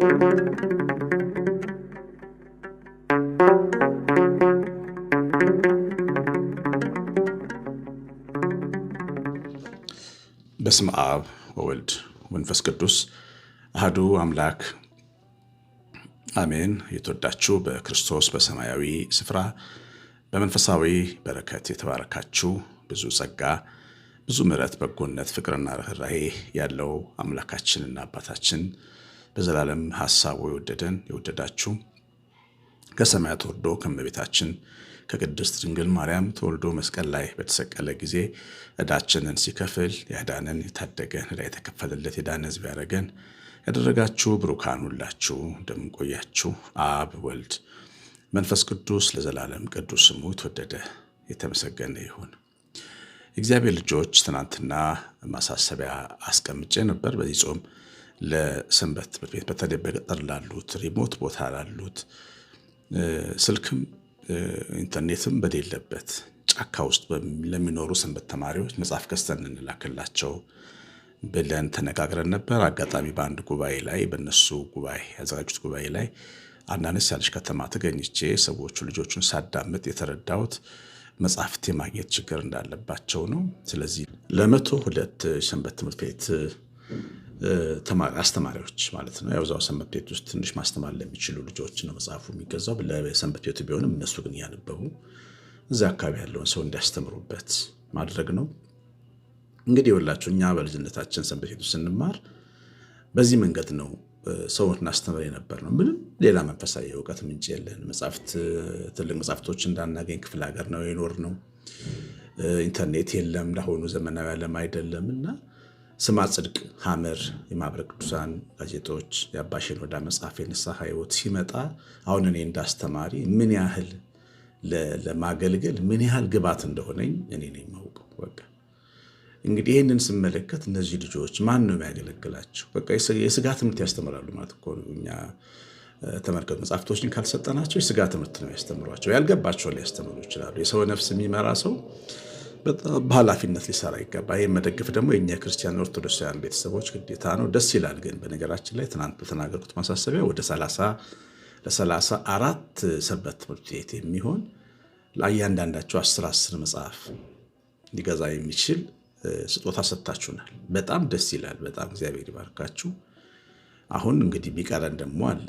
በስመ አብ ወወልድ መንፈስ ቅዱስ አህዱ አምላክ አሜን። የተወዳችሁ በክርስቶስ በሰማያዊ ስፍራ በመንፈሳዊ በረከት የተባረካችሁ ብዙ ጸጋ ብዙ ምሕረት፣ በጎነት፣ ፍቅርና ርኅራሄ ያለው አምላካችንና አባታችን በዘላለም ሐሳቡ የወደደን የወደዳችሁ ከሰማያት ወርዶ ከመቤታችን ከቅድስት ድንግል ማርያም ተወልዶ መስቀል ላይ በተሰቀለ ጊዜ እዳችንን ሲከፍል ያዳነን የታደገን ዕዳ የተከፈለለት የዳነ ሕዝብ ያደረገን ያደረጋችሁ ብሩካን ሁላችሁ እንደምንቆያችሁ አብ ወልድ መንፈስ ቅዱስ ለዘላለም ቅዱስ ስሙ የተወደደ የተመሰገነ ይሁን። እግዚአብሔር ልጆች ትናንትና ማሳሰቢያ አስቀምጬ ነበር። በዚህ ጾም ለሰንበት ትምህርት ቤት በተለይ በገጠር ላሉት ሪሞት ቦታ ላሉት ስልክም ኢንተርኔትም በሌለበት ጫካ ውስጥ ለሚኖሩ ሰንበት ተማሪዎች መጽሐፍ ገዝተን እንላክላቸው ብለን ተነጋግረን ነበር። አጋጣሚ በአንድ ጉባኤ ላይ በነሱ ጉባኤ ያዘጋጁት ጉባኤ ላይ አንዳንድ ያለች ከተማ ተገኝቼ ሰዎቹ ልጆቹን ሳዳምጥ የተረዳሁት መጽሐፍት የማግኘት ችግር እንዳለባቸው ነው። ስለዚህ ለመቶ ሁለት ሰንበት ትምህርት ቤት አስተማሪዎች ማለት ነው። ያው ሰንበት ቤት ውስጥ ትንሽ ማስተማር ለሚችሉ ልጆች ነው መጽሐፉ የሚገዛው ለሰንበት ቤቱ ቢሆንም እነሱ ግን እያነበቡ እዚ አካባቢ ያለውን ሰው እንዲያስተምሩበት ማድረግ ነው። እንግዲህ የወላችሁ እኛ በልጅነታችን ሰንበት ቤቱ ስንማር በዚህ መንገድ ነው ሰዎች እናስተምር የነበር ነው። ምንም ሌላ መንፈሳዊ እውቀት ምንጭ የለን። መጽሐፍት ትልቅ መጽሐፍቶች እንዳናገኝ ክፍለ ሀገር ነው የኖር ነው። ኢንተርኔት የለም። ለአሁኑ ዘመናዊ ዓለም አይደለም እና ስማ ጽድቅ፣ ሐመር፣ የማኅበረ ቅዱሳን ጋዜጦች፣ የአባ ወዳ መጽሐፍ የንስሐ ሕይወት ሲመጣ አሁን እኔ እንዳስተማሪ ምን ያህል ለማገልገል ምን ያህል ግባት እንደሆነኝ እኔ ነኝ የማውቀው። በቃ እንግዲህ ይህንን ስመለከት እነዚህ ልጆች ማን ነው የሚያገለግላቸው? በቃ የስጋ ትምህርት ያስተምራሉ ማለት እኮ እኛ ተመልከቱ መጽሐፍቶችን ካልሰጠናቸው የስጋ ትምህርት ነው ያስተምሯቸው። ያልገባቸው ሊያስተምሩ ይችላሉ። የሰው ነፍስ የሚመራ ሰው በኃላፊነት ሊሰራ ይገባ። ይህ መደግፍ ደግሞ የኛ ክርስቲያን ኦርቶዶክሳውያን ቤተሰቦች ግዴታ ነው። ደስ ይላል። ግን በነገራችን ላይ ትናንት በተናገርኩት ማሳሰቢያ ወደ ለሰላሳ አራት ሰንበት ትምህርት ቤት የሚሆን ለእያንዳንዳቸው አስር አስር መጽሐፍ ሊገዛ የሚችል ስጦታ ሰጥታችሁናል። በጣም ደስ ይላል። በጣም እግዚአብሔር ይባርካችሁ። አሁን እንግዲህ ቢቀረን ደግሞ አለ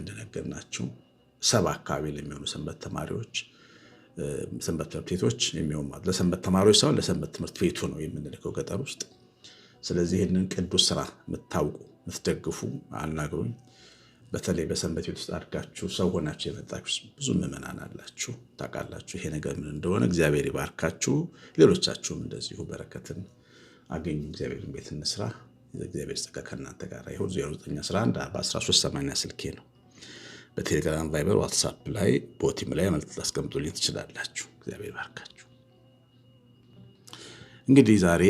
እንደነገርናችሁ ሰባ አካባቢ ለሚሆኑ ሰንበት ተማሪዎች ሰንበት ትምህርት ቤቶች የሚሆን ለሰንበት ተማሪዎች ሳይሆን ለሰንበት ትምህርት ቤቱ ነው የምንልከው ገጠር ውስጥ። ስለዚህ ይህንን ቅዱስ ስራ የምታውቁ የምትደግፉ አናግሩኝ። በተለይ በሰንበት ቤት ውስጥ አድጋችሁ ሰው ሆናችሁ የመጣችሁ ብዙ ምዕመናን አላችሁ፣ ታውቃላችሁ ይሄ ነገር ምን እንደሆነ። እግዚአብሔር ይባርካችሁ። ሌሎቻችሁም እንደዚሁ በረከትን አገኙ። እግዚአብሔር ቤት እንስራ። እግዚአብሔር ጸጋ ከእናንተ ጋር ይሁን። 0911 በ1380 ስልኬ ነው። በቴሌግራም፣ ቫይበር፣ ዋትሳፕ ላይ ቦቲም ላይ መልዕክት ላስቀምጡልኝ ትችላላችሁ። እግዚአብሔር ይባርካችሁ። እንግዲህ ዛሬ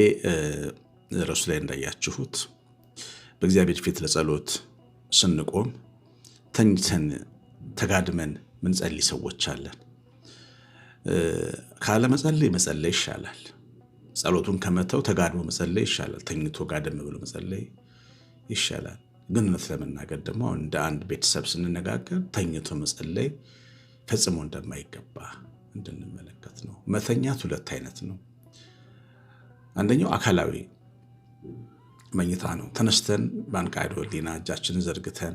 ርዕሱ ላይ እንዳያችሁት በእግዚአብሔር ፊት ለጸሎት ስንቆም ተኝተን ተጋድመን ምንጸልይ ሰዎች አለን። ካለመጸለይ መጸለይ ይሻላል። ጸሎቱን ከመተው ተጋድሞ መጸለይ ይሻላል። ተኝቶ ጋደም ብሎ መጸለይ ይሻላል። ግን ለመናገር ደግሞ እንደ አንድ ቤተሰብ ስንነጋገር ተኝቶ መጸለይ ፈጽሞ እንደማይገባ እንድንመለከት ነው። መተኛት ሁለት አይነት ነው። አንደኛው አካላዊ መኝታ ነው። ተነስተን በአንቃዶ ሊና እጃችንን ዘርግተን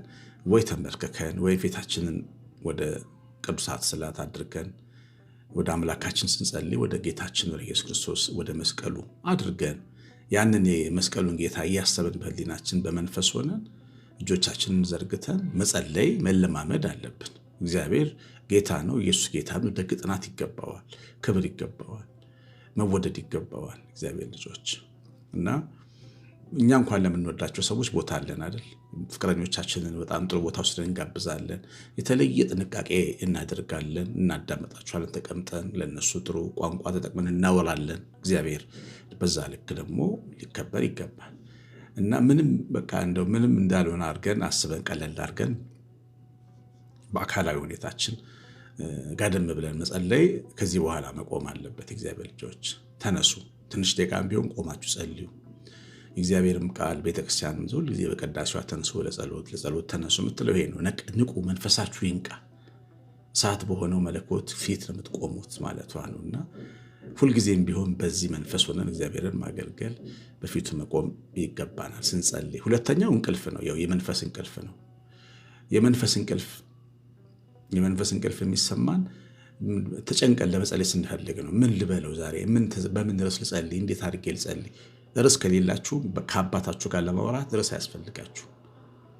ወይ ተንበርክከን ወይ ፊታችንን ወደ ቅዱሳት ስላት አድርገን ወደ አምላካችን ስንጸልይ ወደ ጌታችን ወደ ኢየሱስ ክርስቶስ ወደ መስቀሉ አድርገን ያንን የመስቀሉን ጌታ እያሰብን በህሊናችን በመንፈስ ሆነን እጆቻችንን ዘርግተን መጸለይ መለማመድ አለብን። እግዚአብሔር ጌታ ነው። ኢየሱስ ጌታ ነው። ደግ ጥናት ይገባዋል፣ ክብር ይገባዋል፣ መወደድ ይገባዋል። እግዚአብሔር ልጆች እና እኛ እንኳን ለምንወዳቸው ሰዎች ቦታ አለን አይደል? ፍቅረኞቻችንን በጣም ጥሩ ቦታ ውስጥ እንጋብዛለን። የተለየ ጥንቃቄ እናደርጋለን። እናዳመጣቸዋለን። ተቀምጠን ለነሱ ጥሩ ቋንቋ ተጠቅመን እናወራለን። እግዚአብሔር በዛ ልክ ደግሞ ሊከበር ይገባል። እና ምንም በቃ እንደው ምንም እንዳልሆነ አድርገን አስበን ቀለል አድርገን በአካላዊ ሁኔታችን ጋደም ብለን መጸለይ ከዚህ በኋላ መቆም አለበት። እግዚአብሔር ልጆች ተነሱ፣ ትንሽ ደቂቃም ቢሆን ቆማችሁ ጸልዩ። እግዚአብሔርም ቃል ቤተክርስቲያን ሁል ጊዜ በቅዳሴዋ ተንሱ ለጸሎት ለጸሎት ተነሱ የምትለው ይሄ ነው። ንቁ፣ መንፈሳችሁ ይንቃ፣ እሳት በሆነው መለኮት ፊት ነው የምትቆሙት ማለቷ ነው እና ሁልጊዜም ቢሆን በዚህ መንፈስ ሆነን እግዚአብሔርን ማገልገል በፊቱ መቆም ይገባናል ስንጸልይ። ሁለተኛው እንቅልፍ ነው፣ ያው የመንፈስ እንቅልፍ ነው። የመንፈስ እንቅልፍ የመንፈስ እንቅልፍ የሚሰማን ተጨንቀን ለመጸለይ ስንፈልግ ነው። ምን ልበለው ዛሬ? በምን ርዕስ ልጸልይ? እንዴት አድርጌ ልጸልይ? ርዕስ ከሌላችሁ ከአባታችሁ ጋር ለማውራት ርዕስ አያስፈልጋችሁ።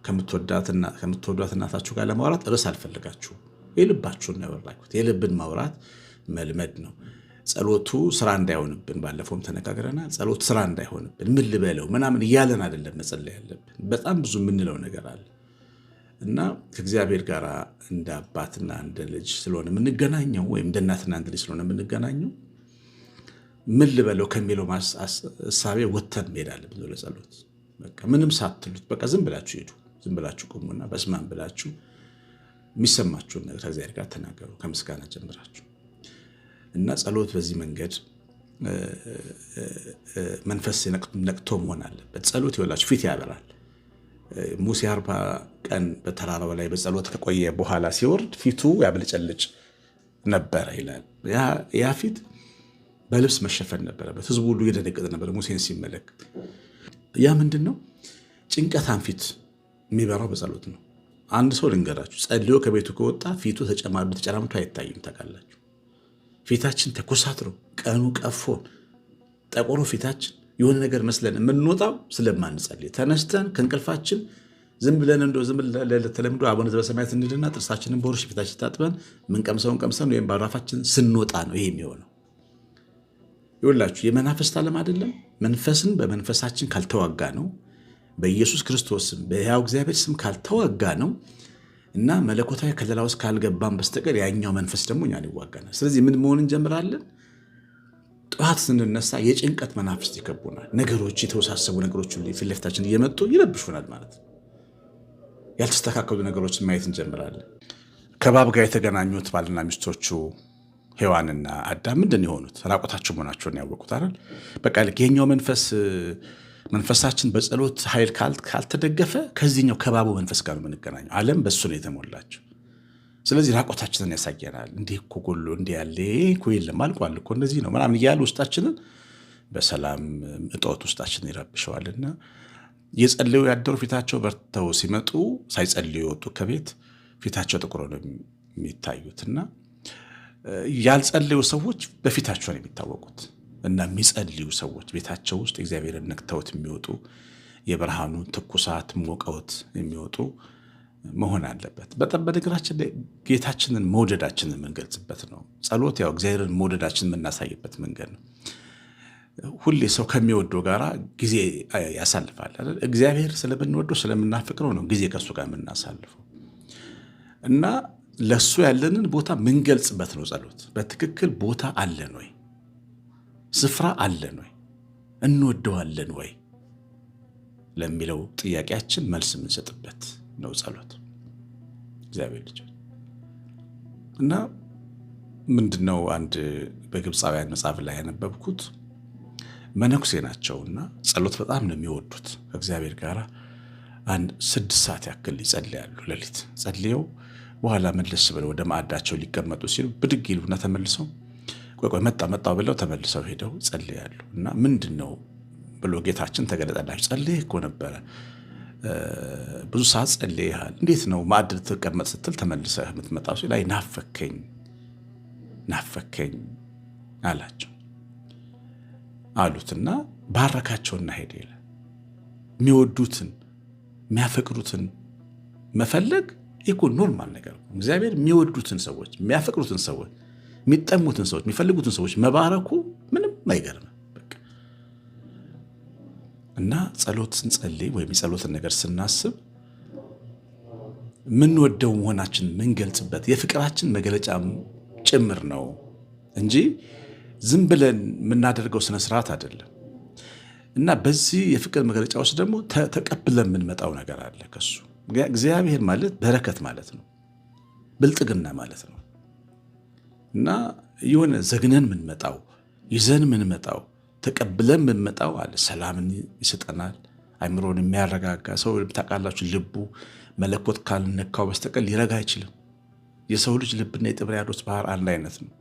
ከምትወዷት እናታችሁ ጋር ለማውራት ርዕስ አልፈልጋችሁ። የልባችሁን ነው የልብን ማውራት መልመድ ነው። ጸሎቱ ስራ እንዳይሆንብን ባለፈውም ተነጋግረናል። ጸሎት ስራ እንዳይሆንብን ምን ልበለው ምናምን እያለን አይደለም መጸለይ ያለብን። በጣም ብዙ የምንለው ነገር አለ እና ከእግዚአብሔር ጋር እንደ አባትና እንደ ልጅ ስለሆነ የምንገናኘው ወይም እንደ እናትና እንደ ልጅ ስለሆነ የምንገናኘው ምን ልበለው ከሚለው እሳቤ ወተን እንሄዳለን ብሎ ለጸሎት ምንም ሳትሉት በቃ ዝም ብላችሁ ሄዱ። ዝም ብላችሁ ቁሙና በስማን ብላችሁ የሚሰማችሁን ነገር ከእግዚአብሔር ጋር ተናገሩ። ከምስጋና ጀምራችሁ እና ጸሎት በዚህ መንገድ መንፈስ ነቅቶ መሆን አለበት። ጸሎት ይወላችሁ ፊት ያበራል። ሙሴ አርባ ቀን በተራራው ላይ በጸሎት ከቆየ በኋላ ሲወርድ ፊቱ ያብልጨልጭ ነበረ ይላል። ያ ፊት በልብስ መሸፈን ነበረበት። ህዝቡ ሁሉ እየደነገጠ ነበር ሙሴን ሲመለከት። ያ ምንድን ነው? ጭንቀታም ፊት የሚበራው በጸሎት ነው። አንድ ሰው ልንገራችሁ፣ ጸልዮ ከቤቱ ከወጣ ፊቱ ተጨማሪ ተጨራምቶ አይታይም። ታውቃላችሁ። ፊታችን ተኮሳትሮ ቀኑ ቀፎን ጠቆሮ ፊታችን የሆነ ነገር መስለን የምንወጣው ስለማንጸልይ ተነስተን ከእንቅልፋችን ዝም ብለን እንደ ዝም ለተለምዶ አቡነ ዘበሰማያት እንድና ጥርሳችንን በወርሽ ፊታችን ታጥበን ምንቀምሰውን ቀምሰን ወይም ባራፋችን ስንወጣ ነው ይሄ የሚሆነው። ይውላችሁ የመናፍስት ዓለም አይደለም። መንፈስን በመንፈሳችን ካልተዋጋ ነው፣ በኢየሱስ ክርስቶስም ስም በሕያው እግዚአብሔር ስም ካልተዋጋ ነው እና መለኮታዊ ከለላ ውስጥ ካልገባን በስተቀር ያኛው መንፈስ ደግሞ እኛን ይዋጋናል። ስለዚህ ምን መሆን እንጀምራለን? ጠዋት ስንነሳ የጭንቀት መናፍስት ይከቡናል። ነገሮች፣ የተወሳሰቡ ነገሮች ፊት ለፊታችን እየመጡ ይረብሹናል ማለት ነው። ያልተስተካከሉ ነገሮችን ማየት እንጀምራለን። ከባብ ጋር የተገናኙት ባልና ሚስቶቹ ሔዋንና አዳም ምንድን የሆኑት ራቆታቸው መሆናቸውን ያወቁት አይደል? በቃ ልክ ይሄኛው መንፈስ መንፈሳችን በጸሎት ኃይል ካልተደገፈ ከዚህኛው ከባቡ መንፈስ ጋር የምንገናኘው ዓለም በእሱ ነው የተሞላቸው። ስለዚህ ራቆታችንን ያሳየናል። እንዲህ እኮ ጎሎ እንዲህ ያለ እኮ የለም አልቋል እኮ እንደዚህ ነው ምናምን እያሉ ውስጣችንን በሰላም እጦት ውስጣችንን ይረብሸዋልና የጸለዩ ያደሩ ፊታቸው በርተው ሲመጡ ሳይጸልዩ የወጡ ከቤት ፊታቸው ጥቁር ነው የሚታዩትና ያልጸለዩ ሰዎች በፊታቸው ነው የሚታወቁት። እና የሚጸልዩ ሰዎች ቤታቸው ውስጥ እግዚአብሔርን ነክተውት የሚወጡ የብርሃኑ ትኩሳት ሞቀውት የሚወጡ መሆን አለበት። በጣም በነገራችን ላይ ጌታችንን መውደዳችንን የምንገልጽበት ነው። ጸሎት ያው እግዚአብሔርን መውደዳችንን የምናሳይበት መንገድ ነው። ሁሌ ሰው ከሚወደው ጋር ጊዜ ያሳልፋል። እግዚአብሔር ስለምንወደው ስለምናፍቅረው ነው ጊዜ ከእሱ ጋር የምናሳልፈው እና ለእሱ ያለንን ቦታ ምንገልጽበት ነው ጸሎት። በትክክል ቦታ አለን ወይ? ስፍራ አለን ወይ? እንወደዋለን ወይ ለሚለው ጥያቄያችን መልስ የምንሰጥበት ነው ጸሎት። እግዚአብሔር ልጅ እና ምንድነው አንድ በግብፃውያን መጽሐፍ ላይ ያነበብኩት መነኩሴ ናቸውእና ጸሎት በጣም ነው የሚወዱት። ከእግዚአብሔር ጋር አንድ ስድስት ሰዓት ያክል ይጸልያሉ። ሌሊት ጸልየው በኋላ መለስ ብለው ወደ ማዕዳቸው ሊቀመጡ ሲሉ ብድግ ይሉና ተመልሰው ቆይ መጣ መጣ ብለው ተመልሰው ሄደው ጸልያሉ። እና ምንድን ነው ብሎ ጌታችን ተገለጠላቸው። ጸልይ እኮ ነበረ ብዙ ሰዓት ጸልየሃል። እንዴት ነው ማዕድ ልትቀመጥ ስትል ተመልሰህ የምትመጣ ሲል አይ ናፈከኝ ናፈከኝ አላቸው አሉትና ባረካቸውና ሄደ ይላል። የሚወዱትን የሚያፈቅሩትን መፈለግ ይህ ኖርማል ነገር። እግዚአብሔር የሚወዱትን ሰዎች የሚያፈቅሩትን ሰዎች የሚጠሙትን ሰዎች የሚፈልጉትን ሰዎች መባረኩ ምንም አይገርም። እና ጸሎት ስንጸልይ ወይም የጸሎትን ነገር ስናስብ የምንወደው መሆናችን የምንገልጽበት የፍቅራችን መገለጫ ጭምር ነው እንጂ ዝም ብለን የምናደርገው ስነስርዓት አይደለም። እና በዚህ የፍቅር መገለጫ ውስጥ ደግሞ ተቀብለን የምንመጣው ነገር አለ ከሱ። እግዚአብሔር ማለት በረከት ማለት ነው፣ ብልጥግና ማለት ነው። እና የሆነ ዘግነን ምንመጣው ይዘን ምንመጣው ተቀብለን ምንመጣው አለ ሰላምን ይሰጠናል። አይምሮን የሚያረጋጋ ሰው ታውቃላችሁ፣ ልቡ መለኮት ካልነካው በስተቀር ሊረጋ አይችልም። የሰው ልጅ ልብና የጥብርያዶስ ባህር አንድ አይነት ነው።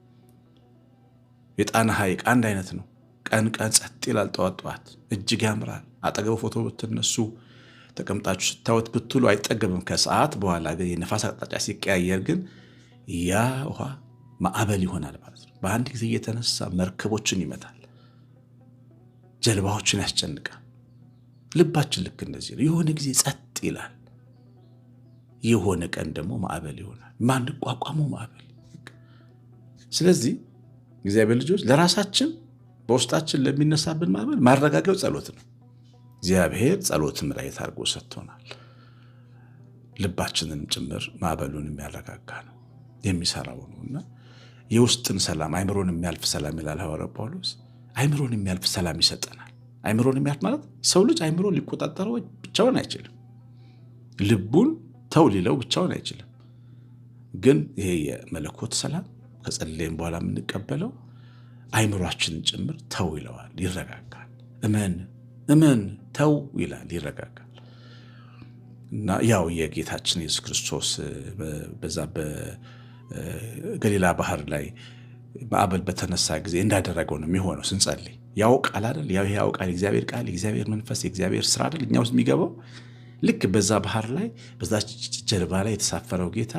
የጣና ሐይቅ አንድ አይነት ነው። ቀን ቀን ጸጥ ይላል። ጠዋት ጠዋት እጅግ ያምራል። አጠገቡ ፎቶ ብትነሱ ተቀምጣችሁ ስታወት ብትሉ አይጠገብም። ከሰዓት በኋላ ግን የነፋስ አቅጣጫ ሲቀያየር ግን ያ ውሃ ማዕበል ይሆናል ማለት ነው። በአንድ ጊዜ እየተነሳ መርከቦችን ይመታል፣ ጀልባዎችን ያስጨንቃል። ልባችን ልክ እንደዚህ ነው። የሆነ ጊዜ ጸጥ ይላል፣ የሆነ ቀን ደግሞ ማዕበል ይሆናል፣ ማንቋቋመው ማዕበል። ስለዚህ እግዚአብሔር ልጆች ለራሳችን በውስጣችን ለሚነሳብን ማዕበል ማረጋገው ጸሎት ነው። እግዚአብሔር ጸሎትም ላይ ታርጎ ሰጥቶናል። ልባችንንም ጭምር ማዕበሉን የሚያረጋጋ ነው የሚሰራው ነውና የውስጥን ሰላም አይምሮን የሚያልፍ ሰላም ይላል ሐዋርያው ጳውሎስ። አይምሮን የሚያልፍ ሰላም ይሰጠናል። አይምሮን የሚያልፍ ማለት ሰው ልጅ አይምሮ ሊቆጣጠረው ብቻውን አይችልም። ልቡን ተው ሊለው ብቻውን አይችልም። ግን ይሄ የመለኮት ሰላም ከጸለይም በኋላ የምንቀበለው አይምሯችንን ጭምር ተው ይለዋል፣ ይረጋጋል። እመን እመን ተው ይላል፣ ይረጋጋል። እና ያው የጌታችን ኢየሱስ ክርስቶስ በዛ ገሊላ ባህር ላይ ማዕበል በተነሳ ጊዜ እንዳደረገው ነው የሚሆነው። ስንጸልይ ያው ቃል አይደል ያው ያው ቃል እግዚአብሔር ቃል እግዚአብሔር መንፈስ የእግዚአብሔር ስራ አይደል እኛ ውስጥ የሚገባው። ልክ በዛ ባህር ላይ በዛ ጀልባ ላይ የተሳፈረው ጌታ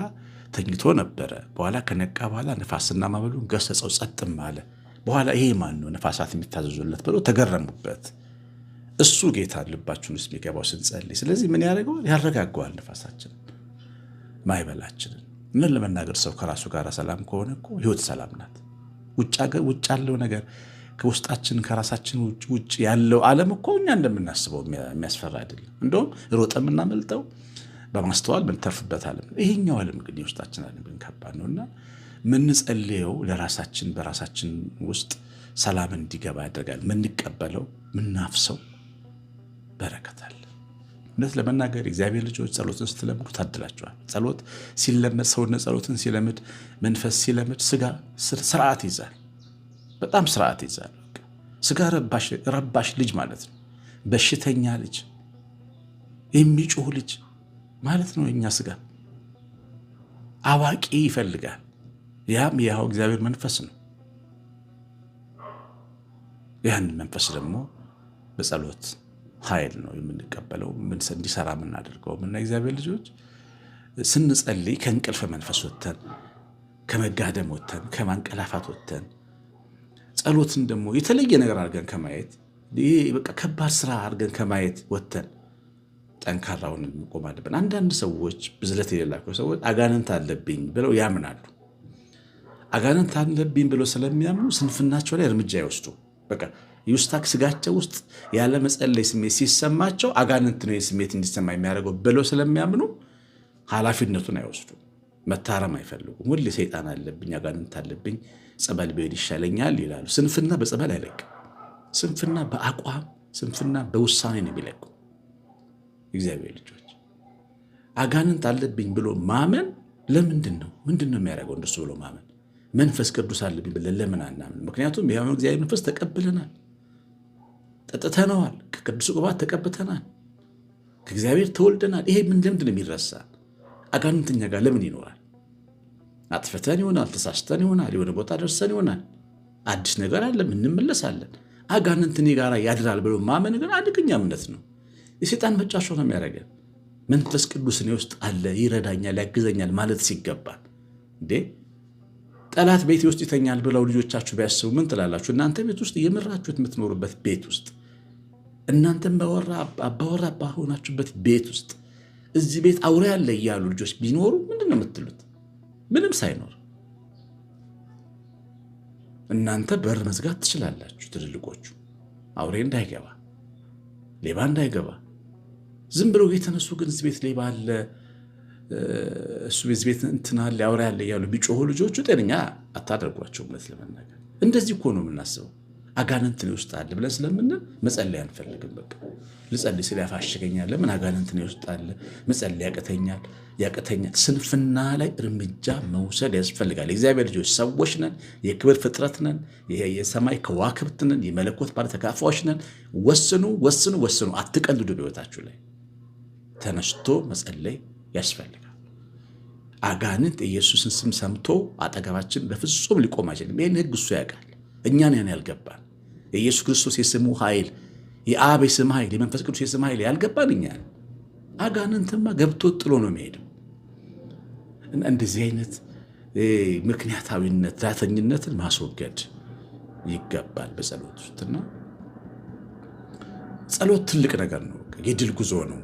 ተኝቶ ነበረ። በኋላ ከነቃ በኋላ ነፋስና ማዕበሉን ገሰጸው፣ ጸጥም አለ። በኋላ ይሄ ማን ነው ነፋሳት የሚታዘዙለት ብሎ ተገረሙበት። እሱ ጌታ ልባችን ውስጥ የሚገባው ስንጸልይ። ስለዚህ ምን ያደርገዋል? ያረጋገዋል ነፋሳችንን ማይበላችንን ምን ለመናገር ሰው ከራሱ ጋር ሰላም ከሆነ እኮ ህይወት ሰላም ናት። ውጭ ያለው ነገር ከውስጣችን ከራሳችን ውጭ ያለው ዓለም እኮ እኛ እንደምናስበው የሚያስፈራ አይደለም። እንደውም ሮጠ የምናመልጠው በማስተዋል ምንተርፍበት ዓለም ይሄኛው ዓለም ግን የውስጣችን ዓለም ግን ከባድ ነው እና ምንጸልየው ለራሳችን በራሳችን ውስጥ ሰላም እንዲገባ ያደርጋል። ምንቀበለው ምናፍሰው በረከታል እውነት ለመናገር እግዚአብሔር ልጆች ጸሎትን ስትለምዱ ታድላቸዋል። ጸሎት ሲለመድ ሰውነት ጸሎትን ሲለምድ መንፈስ ሲለምድ ስጋ ስርዓት ይዛል። በጣም ስርዓት ይዛል። ስጋ ረባሽ ልጅ ማለት ነው። በሽተኛ ልጅ፣ የሚጮህ ልጅ ማለት ነው። እኛ ስጋ አዋቂ ይፈልጋል። ያም የህያው እግዚአብሔር መንፈስ ነው። ያህንን መንፈስ ደግሞ በጸሎት ኃይል ነው የምንቀበለው እንዲሰራ የምናደርገው እና እግዚአብሔር ልጆች ስንጸልይ ከእንቅልፍ መንፈስ ወተን ከመጋደም ወተን ከማንቀላፋት ወተን ጸሎትን ደግሞ የተለየ ነገር አድርገን ከማየት በቃ ከባድ ስራ አድርገን ከማየት ወተን ጠንካራውን መቆም አለብን። አንዳንድ ሰዎች ብዝለት የሌላቸው ሰዎች አጋንንት አለብኝ ብለው ያምናሉ። አጋንንት አለብኝ ብለው ስለሚያምኑ ስንፍናቸው ላይ እርምጃ ይወስዱ በቃ ዩስታክ ስጋቸው ውስጥ ያለ መጸለይ ስሜት ሲሰማቸው አጋንንት ነው ስሜት እንዲሰማ የሚያደርገው ብለው ስለሚያምኑ ኃላፊነቱን አይወስዱ፣ መታረም አይፈልጉም። ሁሌ ሰይጣን አለብኝ፣ አጋንንት አለብኝ፣ ጸበል ብሄድ ይሻለኛል ይላሉ። ስንፍና በጸበል አይለቅም። ስንፍና በአቋም ስንፍና በውሳኔ ነው የሚለቁ። እግዚአብሔር ልጆች አጋንንት አለብኝ ብሎ ማመን ለምንድን ነው? ምንድን ነው የሚያደርገው እንደሱ ብሎ ማመን? መንፈስ ቅዱስ አለብኝ ብለን ለምን አናምን? ምክንያቱም የሕያው እግዚአብሔር መንፈስ ተቀብለናል። ጠጥተነዋል፣ ከቅዱስ ቅባት ተቀብተናል፣ ከእግዚአብሔር ተወልደናል። ይሄ ምን ለምንድን ነው የሚረሳ አጋንንት ጋር ለምን ይኖራል? አጥፍተን ይሆናል፣ ተሳስተን ይሆናል፣ የሆነ ቦታ ደርሰን ይሆናል። አዲስ ነገር አለ፣ እንመለሳለን። አጋንንት እኔ ጋር ያድራል ብሎ ማመን ግን አደገኛ እምነት ነው። የሴጣን መጫሾ ነው የሚያደርገን። መንፈስ ቅዱስ እኔ ውስጥ አለ፣ ይረዳኛል፣ ያግዘኛል ማለት ሲገባል እንዴ ጠላት ቤት ውስጥ ይተኛል ብለው ልጆቻችሁ ቢያስቡ ምን ትላላችሁ? እናንተ ቤት ውስጥ የምራችሁት የምትኖሩበት ቤት ውስጥ እናንተም አባወራ ባሆናችሁበት ቤት ውስጥ እዚህ ቤት አውሬ ያለ እያሉ ልጆች ቢኖሩ ምንድን ነው የምትሉት? ምንም ሳይኖር እናንተ በር መዝጋት ትችላላችሁ። ትልልቆቹ አውሬ እንዳይገባ ሌባ እንዳይገባ ዝም ብለው የተነሱ ግን እዚህ ቤት ሌባ አለ እሱ ቤት ቤት እንትና ሊያወራ ያለ እያሉ ቢጮሆ ልጆቹ ጤነኛ አታደርጓቸው። እውነት ለመናገር እንደዚህ እኮ ነው የምናስበው። አጋንንትን እኔ ብለን ስለምን መጸለይ አንፈልግም። በቃ ልጸልይ ስል ያፋሽገኛል፣ ለምን አጋንንትን እኔ ውስጥ አለ መጸለይ ያቅተኛል ያቅተኛል። ስንፍና ላይ እርምጃ መውሰድ ያስፈልጋል። እግዚአብሔር ልጆች ሰዎች ነን፣ የክብር ፍጥረት ነን፣ የሰማይ ከዋክብት ነን፣ የመለኮት ባለ ተካፋዮች ነን። ወስኑ፣ ወስኑ፣ ወስኑ። አትቀልዱ። በሕይወታችሁ ላይ ተነስቶ መጸለይ ያስፈልጋል። አጋንንት የኢየሱስን ስም ሰምቶ አጠገባችን በፍጹም ሊቆም አይችልም። ይህን ህግ እሱ ያውቃል። እኛን ያን ያልገባን የኢየሱስ ክርስቶስ የስሙ ኃይል፣ የአብ የስም ኃይል፣ የመንፈስ ቅዱስ የስም ኃይል ያልገባን እኛ አጋንንትማ ገብቶ ጥሎ ነው የሚሄደው። እና እንደዚህ አይነት ምክንያታዊነት ዳተኝነትን ማስወገድ ይገባል። በጸሎት ውስጥና ጸሎት ትልቅ ነገር ነው። የድል ጉዞ ነው።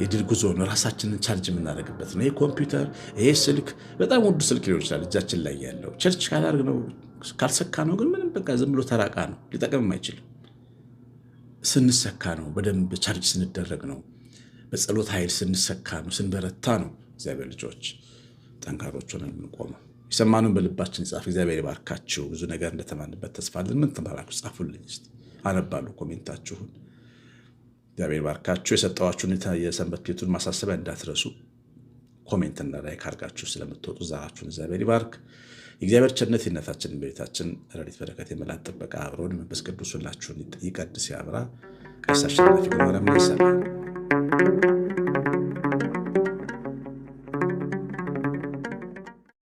የድል ጉዞ ነው። ራሳችንን ቻርጅ የምናደርግበት ነው። ይህ ኮምፒውተር፣ ይህ ስልክ በጣም ውዱ ስልክ ሊሆን ይችላል እጃችን ላይ ያለው ቸርች ካላርግ ነው ካልሰካ ነው ግን ምንም በቃ ዝም ብሎ ተራቃ ነው ሊጠቅምም አይችልም። ስንሰካ ነው በደንብ ቻርጅ ስንደረግ ነው። በጸሎት ኃይል ስንሰካ ነው፣ ስንበረታ ነው። እግዚአብሔር ልጆች ጠንካሮች ሆነን የምንቆመው የሰማነውን በልባችን ጻፍ። እግዚአብሔር ይባርካችሁ። ብዙ ነገር እንደተማንበት ተስፋለን። ምን ተማራችሁ? ጻፉልኝ፣ አነባሉ ኮሜንታችሁን። እግዚአብሔር ባርካችሁ። የሰጠዋችሁ ሁኔታ የሰንበት ቤቱን ማሳሰቢያ እንዳትረሱ። ኮሜንትና ላይ ካርጋችሁ ስለምትወጡ ዛራችሁን እግዚአብሔር ይባርክ። የእግዚአብሔር ቸርነት የእናታችን ቤታችን ረድኤት በረከት የመላት ጥበቃ አብሮን መንፈስ ቅዱስ ሁላችሁን ይቀድስ ያብራ። ቀሲስ አሸናፊ ግንባር